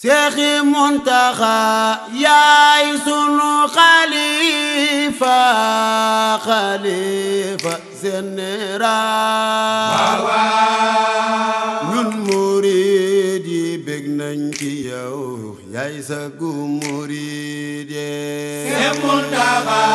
سيخي منتخى يا يسون خليفة خليفة سنرا بابا من مريدي بقننك يو يا يسقو مريدي سيخي منتخى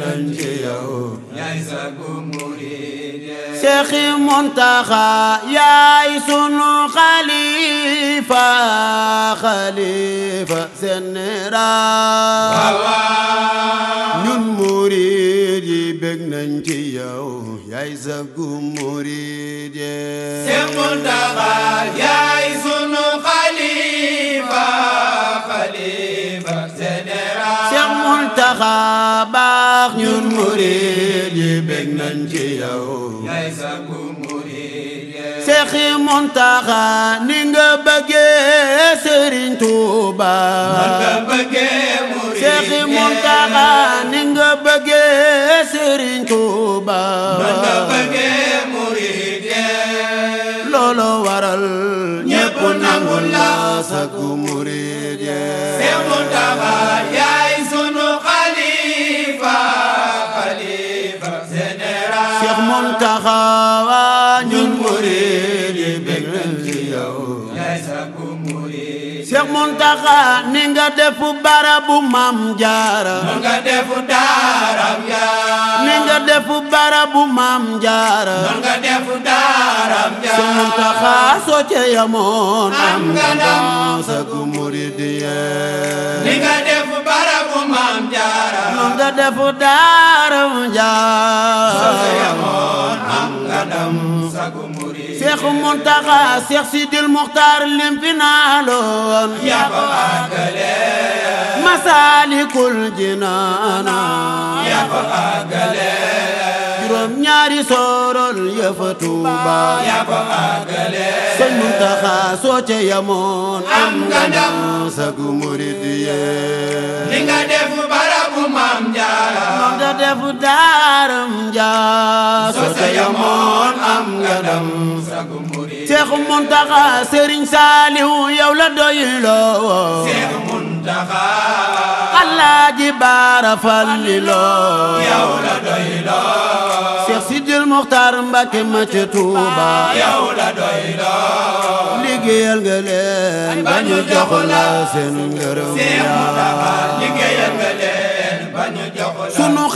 nañ ci yow yaay sagu murid Seexi Muntaxa yaay sunu xalifa xalifa général ñun murid yi bég nañ ci yow yaay sagu murid Seexi Muntaxa murid yi Muntaxa ni nga bëggee Tuuba nga bëggee murid Seexi waral ñépp nangul la sangu murid Cheikh Mountakha ni nga def barabu Maam Jaara. ni nga def daaram Jaara. ni nga def barabu Maam Jaara. ni nga def daaram Jaara. Cheikh Mountakha soo ca yamoon. am nga ndam sagu murid yee. ni nga def barabu Maam Jaara. ni nga def daaram Jaara. soo ca yamoon am nga ndam sagu Seexu Muntaxa Seex Sidil Muxtaar lim fi naaloon yaa ko àggale Masaalikul Jinaan yaa ko àggale juróom ñaari sooroon yëfa Tuuba yaa ko àggale Sëñ Muntaxa soo ca yamoon am nga ndam sagu murid yee li nga def Muntaxa Sëriñ Saaliw yow la doyloo Seex Muntaxa Alaaji Baara Falliloo yow la doyloo Seex Sidil Muxtaar Mbàkke Tuuba yow la doyloo liggéeyal nga leen ba jox la seen ngërëm yaa Seex Muntaxa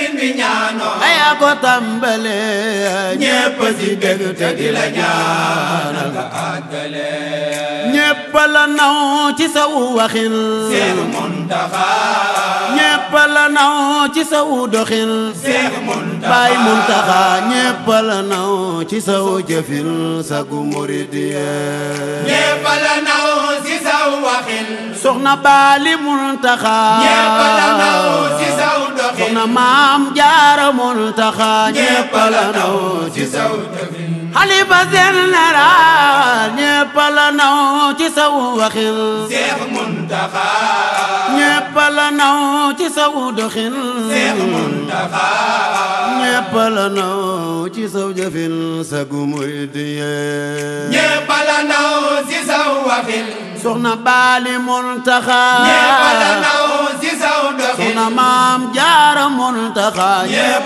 sëriñ bi ñaanoo aya ko tàmbale ñépp si bëgg te di la ñaanal nga àggale ñépp la naw ci sawu waxin Seex Muntaxa ñépp la naw ci sawu doxin Seex Muntaxa Baay Muntaxa ñépp la naw ci sawu jëfin sagu muridiye ñépp la naw ci sawu waxin Soxna Baali Muntaxa ñépp la naw ci sawu soxna maam jaara Muntaxa ñépp la naw ci saw jëfin xalifa général ñépp la naw ci saw waxin Seex Muntaxa ñépp la naw ci saw doxin Seex Muntaxa ñépp sunu maam muntaxa ñépp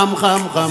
am xam-xam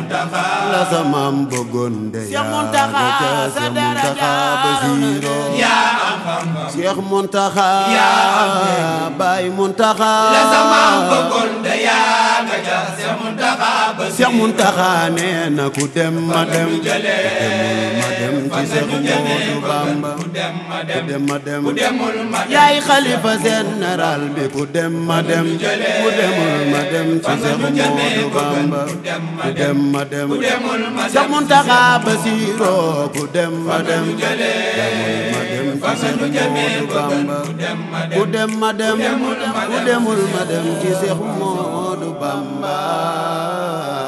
la sa maam yaa nga ca la sa maam bëggoon yaa nga ca Cheikh Mountakha Bassirou Cheikh Mountakha ku dem ma dem dem ci Seex Moodu Bamba ku dem ma dem ku demul ma dem yaay xalifa général bi ku dem ma dem ku demul ma dem ci Seex Moodu Bamba ku dem ma dem ku demul ma dem Seex Muntaxa Basiru ku dem ma dem ci Seex Moodu Bamba ku dem ma dem ku demul ma dem ci Seex Moodu Bamba